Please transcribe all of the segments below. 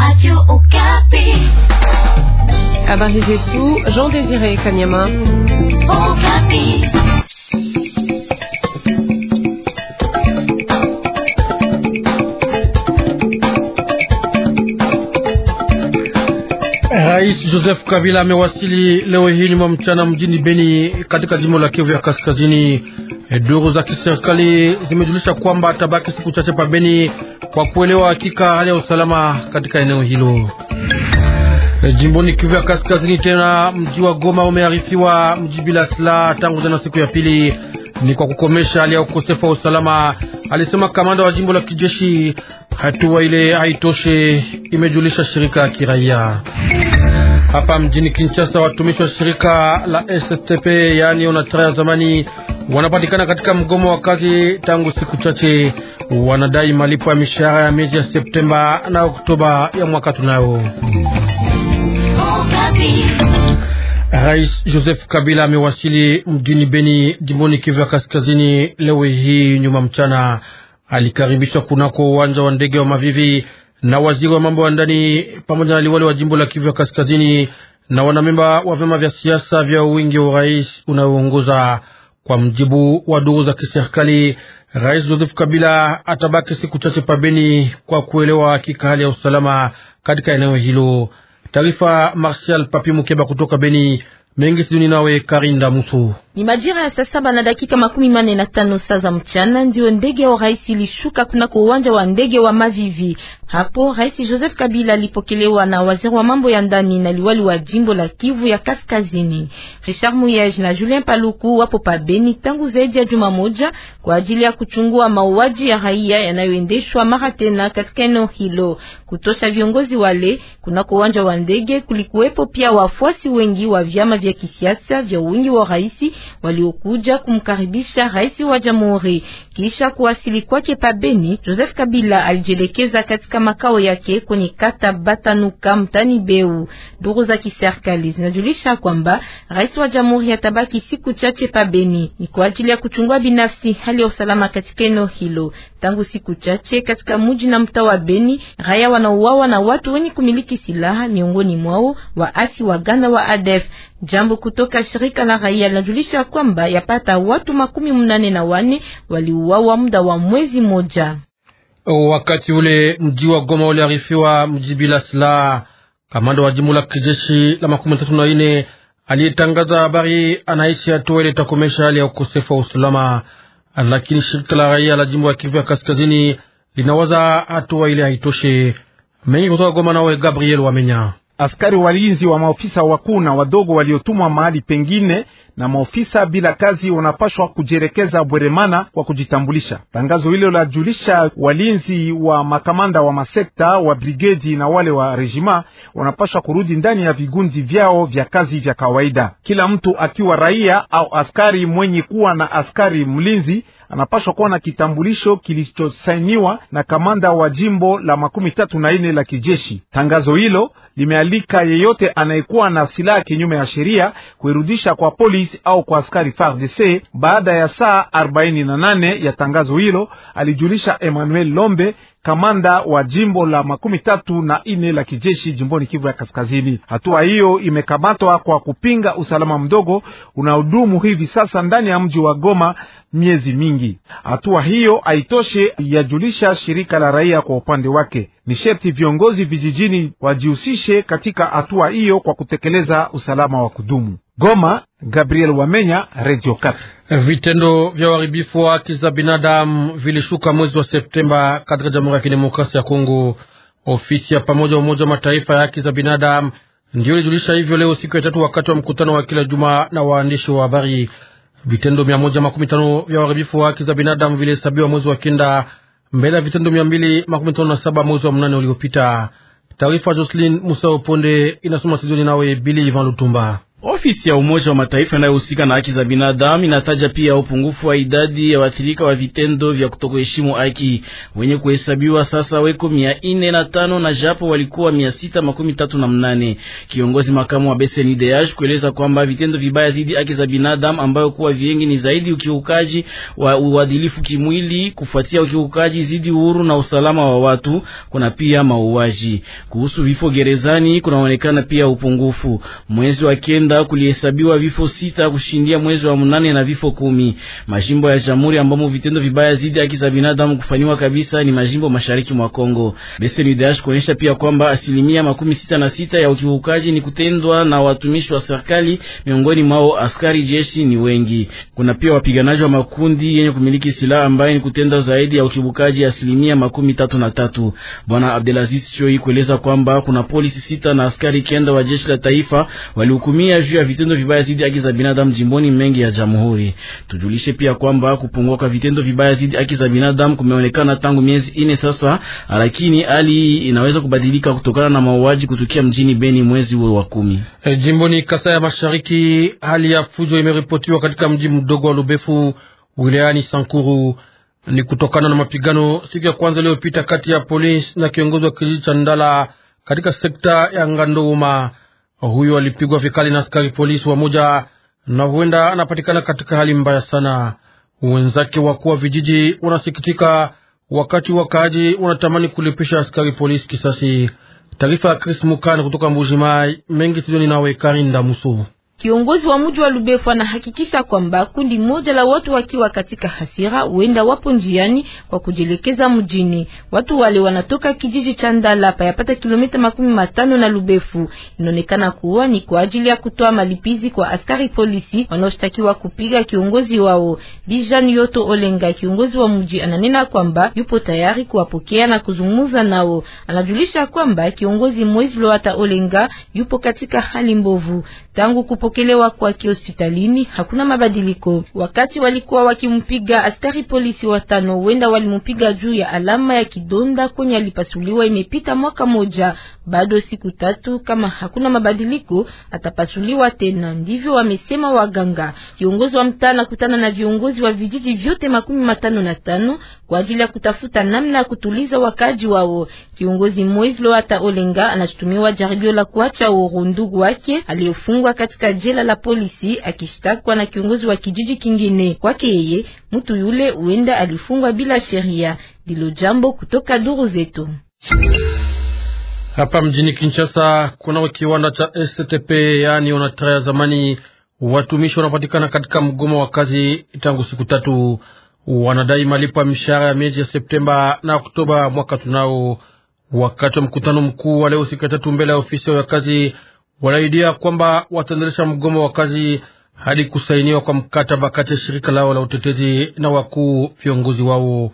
Radio Habari zetu Jean Désiré Kanyama. Rais Joseph Kabila amewasili leo hii ni mchana mjini Beni katika jimbo la Kivu ya Kaskazini. Duru za kiserikali zimejulisha kwamba atabaki siku chache pa Beni kwa kuelewa hakika hali ya usalama katika eneo hilo. Jimboni Kivu ya Kaskazini, tena mji wa Goma umearifiwa mji bila silaha tangu jana siku ya pili, ni kwa kukomesha hali ya ukosefu wa usalama, alisema kamanda wa jimbo la kijeshi. Hatua ile haitoshe, imejulisha shirika ya kiraia hapa mjini Kinshasa. Watumishi wa shirika la SSTP, yaani Onatra ya zamani wanapatikana katika mgomo wa kazi tangu siku chache. Wanadai malipo ya mishahara ya miezi ya Septemba na Oktoba ya mwaka tunao. Rais Joseph Kabila amewasili mjini Beni, jimboni Kivu ya Kaskazini leo hii nyuma mchana. Alikaribishwa kunako uwanja wa ndege wa Mavivi na waziri wa mambo ya ndani pamoja na liwali wa jimbo la Kivu ya Kaskazini na wanamemba wa vyama vya siasa vya wingi wa urais unaoongoza kwa mjibu wa duru za kiserikali, Rais Joseph Kabila atabaki siku chache pabeni kwa kuelewa hakika hali ya usalama katika eneo hilo. Taarifa Martial Papi Mukeba kutoka Beni. Mengi siduni nawe Karinda Musu. Ni majira ya saa saba na dakika makumi manne na tano saa za mchana ndio ndege wa rais ilishuka kunako uwanja wa ndege wa Mavivi. Hapo Rais Joseph Kabila alipokelewa na waziri wa mambo ya ndani na liwali wa jimbo la Kivu ya Kaskazini. Richard Muyege na Julien Paluku wapo pabeni tangu zaidi ya juma moja kwa ajili ya kuchungua mauaji ya raia yanayoendeshwa mara tena katika eneo hilo. Kutosha viongozi wale kunako uwanja wa ndege, kulikuwepo pia wafuasi wengi wa vyama vya kisiasa vya wingi wa raisi waliokuja kumkaribisha rais wa jamhuri. Kisha kuwasili kwake pabeni, Joseph Kabila alijielekeza katika makao yake kwenye kata Batanuka mtani Beu. Duru za kiserikali zinajulisha kwamba rais wa jamhuri atabaki siku chache pabeni, ni kwa ajili ya kuchungua binafsi hali ya usalama katika eneo hilo. Tangu siku chache katika muji na mtaa wa Beni, raia wanauawa na watu wenye kumiliki silaha, miongoni mwao waasi wa Ghana wa ADF. Jambo kutoka shirika la raia linajulisha kwamba yapata watu makumi mnane na wane waliuawa muda wa mwezi moja. Wakati ule mji wa Goma uliarifiwa mji bila silaha. Kamanda wa jimbo la kijeshi la makumi tatu na ine aliyetangaza habari anaishi hatua ile itakomesha hali ya ukosefu wa usalama, lakini shirika la raia la jimbo ya Kivu ya kaskazini linawaza hatua ile haitoshe. Mengi kutoka Goma, nawe Gabriel Wamenya askari walinzi wa maofisa wakuu na wadogo waliotumwa mahali pengine na maofisa bila kazi wanapashwa kujielekeza Bweremana kwa kujitambulisha. Tangazo hilo lajulisha walinzi wa makamanda wa masekta wa brigedi na wale wa rejima wanapashwa kurudi ndani ya vigundi vyao vya kazi vya kawaida. Kila mtu akiwa raia au askari mwenye kuwa na askari mlinzi anapashwa kuwa na kitambulisho kilichosainiwa na kamanda wa jimbo la makumi tatu na nne la kijeshi. Tangazo hilo limealika yeyote anayekuwa na silaha kinyume ya sheria kuirudisha kwa polisi au kwa askari FARDC baada ya saa 48 ya tangazo hilo, alijulisha Emmanuel Lombe, kamanda wa jimbo la makumi tatu na ine la kijeshi jimboni Kivu ya Kaskazini. Hatua hiyo imekamatwa kwa kupinga usalama mdogo unaodumu hivi sasa ndani ya mji wa Goma miezi mingi. Hatua hiyo haitoshe, yajulisha shirika la raia kwa upande wake ni sherti viongozi vijijini wajihusishe katika hatua hiyo kwa kutekeleza usalama wa kudumu. Goma, Gabriel Wamenya, Radio Kapi. Vitendo vya uharibifu wa haki za binadamu vilishuka mwezi wa Septemba katika Jamhuri ya Kidemokrasia ya Kongo. Ofisi ya pamoja Umoja wa Mataifa ya haki za binadamu ndiyo ilijulisha hivyo leo siku ya tatu, wakati wa mkutano wa kila juma na waandishi wa habari. Vitendo mia moja makumi tano vya uharibifu wa haki za binadamu vilihesabiwa mwezi wa kenda mbele ya vitendo mia mbili makumi tano na saba mwezi wa mnane uliopita. Taarifa Jocelyn Musa Oponde inasoma studioni nawe Bili Ivan Lutumba. Ofisi ya Umoja wa Mataifa inayohusika na haki za binadamu inataja pia upungufu wa idadi ya waathirika wa vitendo vya kutokuheshimu haki wenye kuhesabiwa sasa weko mia ine na tano na japo walikuwa mia sita makumi tatu na mnane. Kiongozi makamu wa Besenideaj kueleza kwamba vitendo vibaya zidi haki za binadamu ambayo kuwa viengi ni zaidi ukiukaji wa uadilifu kimwili kufuatia ukiukaji zidi uhuru na usalama wa watu. Kuna pia mauaji. Kuhusu vifo gerezani kunaonekana pia upungufu mwezi wa kendo Katunda kulihesabiwa vifo sita kushindia mwezi wa mnane na vifo kumi. Majimbo ya Jamhuri ambamo vitendo vibaya zidi haki za binadamu kufanywa kabisa ni majimbo mashariki mwa Kongo. BCNUDH kuonyesha pia kwamba asilimia makumi sita na sita ya ukiukaji ni kutendwa na watumishi wa serikali, miongoni mwao askari jeshi ni wengi. Kuna pia wapiganaji wa makundi yenye kumiliki silaha ambaye ni kutenda zaidi ya ukiukaji asilimia makumi tatu na tatu. Bwana Abdelaziz choi kueleza kwamba kuna polisi sita na askari kenda wa jeshi la taifa walihukumia juu ya vitendo vibaya zidi haki za binadamu jimboni mengi ya jamhuri. Tujulishe pia kwamba kupungua kwa vitendo vibaya zidi haki za binadamu kumeonekana tangu miezi ine sasa, lakini hali inaweza kubadilika kutokana na mauaji kutukia mjini Beni mwezi wa kumi. E, jimboni Kasai ya Mashariki, hali ya fujo imeripotiwa katika mji mdogo wa Lubefu wilayani Sankuru ni kutokana na mapigano siku ya kwanza iliyopita kati ya polisi na kiongozi wa kijiji cha Ndala katika sekta ya Nganduma. Huyo alipigwa vikali na askari polisi wa moja na huenda anapatikana katika hali mbaya sana. Wenzake wakuu wa vijiji wanasikitika, wakati wakaaji wanatamani kulipisha askari polisi kisasi. Taarifa ya Chris Mukan kutoka Mbujimai mengi sidoni nawe Karinda Musu. Kiongozi wa mji wa Lubefu anahakikisha kwamba kundi moja la watu wakiwa katika hasira huenda wapo njiani kwa kujielekeza mjini. Watu wale wanatoka kijiji cha Ndala yapata kilomita makumi matano na Lubefu. Inaonekana kuwa ni kwa ajili ya kutoa malipizi kwa askari polisi wanaoshtakiwa kupiga kiongozi wao. Bijan Yoto Olenga, kiongozi wa mji, ananena kwamba yupo tayari kuwapokea na kuzungumza nao. Anajulisha kwamba kiongozi Moise Loata Olenga yupo katika hali mbovu tangu kupo kupokelewa kwake hospitalini hakuna mabadiliko. Wakati walikuwa wakimpiga askari polisi watano, wenda walimpiga juu ya alama ya kidonda kwenye alipasuliwa. Imepita mwaka moja bado siku tatu. Kama hakuna mabadiliko, atapasuliwa tena, ndivyo wamesema waganga. Kiongozi wa mtaa anakutana na viongozi wa vijiji vyote makumi matano na tano kwa ajili ya kutafuta namna ya kutuliza wakaji wao. Kiongozi Moizlo hata Olenga anashutumiwa jaribio la kuacha uhuru ndugu wake aliyofungwa katika jela la polisi, akishtakwa na kiongozi wa kijiji kingine. Kwake yeye, mtu yule huenda alifungwa bila sheria. Ndilo jambo kutoka duru zetu. Hapa mjini Kinshasa kuna kiwanda cha STP, yaani Onatra ya zamani. Watumishi wanapatikana katika mgomo wa kazi tangu siku tatu, wanadai malipo ya mishahara ya miezi ya Septemba na Oktoba mwaka tunao. Wakati wa mkutano mkuu wa leo siku tatu mbele ya ofisi ya kazi, wanaidia kwamba wataendelesha mgomo wa kazi hadi kusainiwa kwa mkataba kati ya shirika lao la utetezi na wakuu viongozi wao.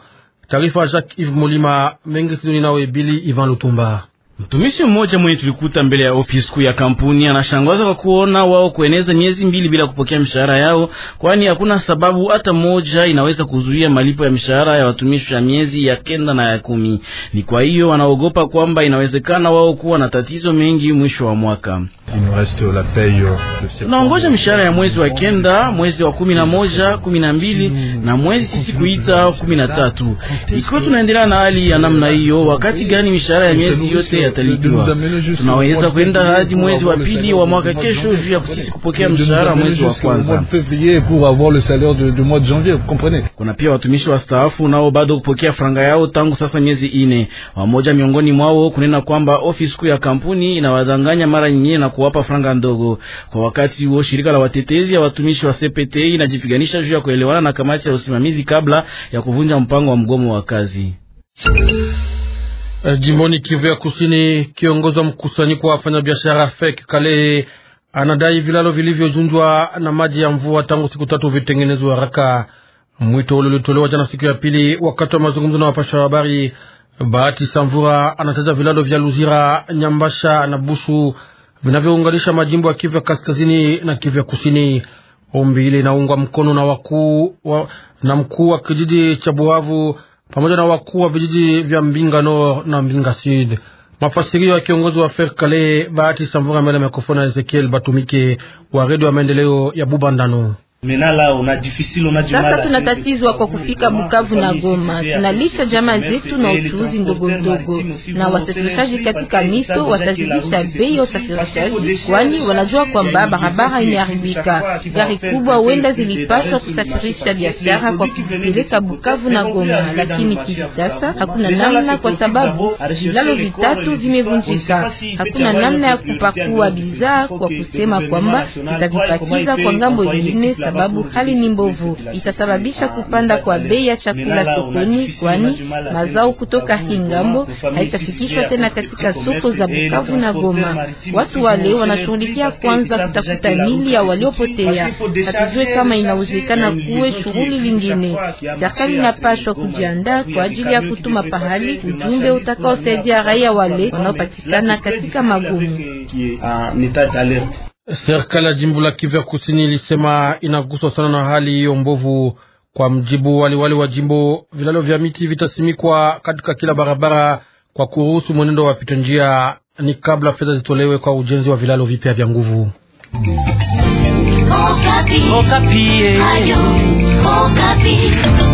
Taarifa Jacques Yves Molima mengi sidoni nawe Bili Ivan Lutumba. Mtumishi mmoja mwenye tulikuta mbele ya ofisi kuu ya kampuni anashangazwa kwa kuona wao kueneza miezi mbili bila kupokea mishahara yao, kwani hakuna sababu hata moja inaweza kuzuia malipo ya mishahara ya watumishi ya miezi ya kenda na ya kumi. Ni kwa hiyo wanaogopa kwamba inawezekana wao kuwa na tatizo mengi mwisho wa mwaka. Tunaongoja mishahara ya mwezi wa kenda, mwezi wa kumi na moja, kumi na mbili na mwezi sisi kuita kumi na tatu. Ikiwa tunaendelea na hali ya namna hiyo, wakati gani mishahara ya miezi yote yatalipiwa. Tunaweza kwenda hadi mwezi wa pili wa mwaka kesho juu ya sisi kupokea mshahara mwezi wa kwanza. Kuna pia watumishi wa staafu nao bado kupokea franga yao tangu sasa miezi ine. Wamoja miongoni mwao kunena kwamba ofisi kuu ya kampuni inawadanganya mara nyingine na kuwapa franga ndogo. Kwa wakati huo, shirika la watetezi ya watumishi wa CPT inajipiganisha juu ya kuelewana na kamati ya usimamizi kabla ya kuvunja mpango wa mgomo wa kazi. Eh, jimboni Kivu ya Kusini, kiongozi wa mkusanyiko wa wafanyabiashara FEC Kale anadai vilalo vilivyojunjwa na maji ya mvua tangu siku tatu vitengenezwe haraka. Mwito ule ulitolewa jana siku ya pili wakati wa mazungumzo na wapasha habari. Bahati Samvura anataja vilalo vya Luzira, Nyambasha na Bushu vinavyounganisha majimbo ya Kivu ya Kaskazini na Kivu ya Kusini. Ombi ile inaungwa mkono na wakuu na mkuu wa kijiji cha Buhavu pamoja na wakuu wa vijiji vya Mbinga Nord na Mbinga Sud. Mafasirio ya kiongozi wa Kale Bahati Samvura mbele ya mikrofoni ya Ezekiel Batumike wa redio ya maendeleo ya Bubandano menala una difficile una jumala. Sasa tunatatizwa kwa kufika Bukavu na Goma, tunalisha jamaa zetu na uchuuzi ndogo ndogo, na wasafirishaji katika mito watazidisha bei ya usafirishaji, kwani wanajua kwamba barabara imeharibika. Gari kubwa huenda zilipaswa kusafirisha biashara kwa kupeleka Bukavu na Goma, lakini hivi sasa hakuna namna, kwa sababu vilalo vitatu vimevunjika. Hakuna namna ya kupakua bidhaa kwa kusema kwamba tutavipakiza kwa ngambo nyingine sababu hali ni mbovu, itasababisha ah, kupanda kwa bei ya chakula sokoni, kwani mazao kutoka hii ngambo haitafikishwa tena katika soko za eh, Bukavu na Goma. Watu wale wanashughulikia kwanza kutafuta mili ya waliopotea. Hatujue kama inawezekana eh, kuwe shughuli lingine. Serikali inapashwa kujiandaa kwa ajili ya kutuma pahali ujumbe utakaosaidia raia wale wanaopatikana katika magumu. Ah, Serikali ya jimbo la Kivu ya kusini ilisema inaguswa sana na hali hiyo mbovu. Kwa mjibu waliwali wa jimbo, vilalo vya miti vitasimikwa katika kila barabara kwa kuruhusu mwenendo wa wapita njia, ni kabla fedha zitolewe kwa ujenzi wa vilalo vipya vya nguvu. Okapi. Okapi. Eh.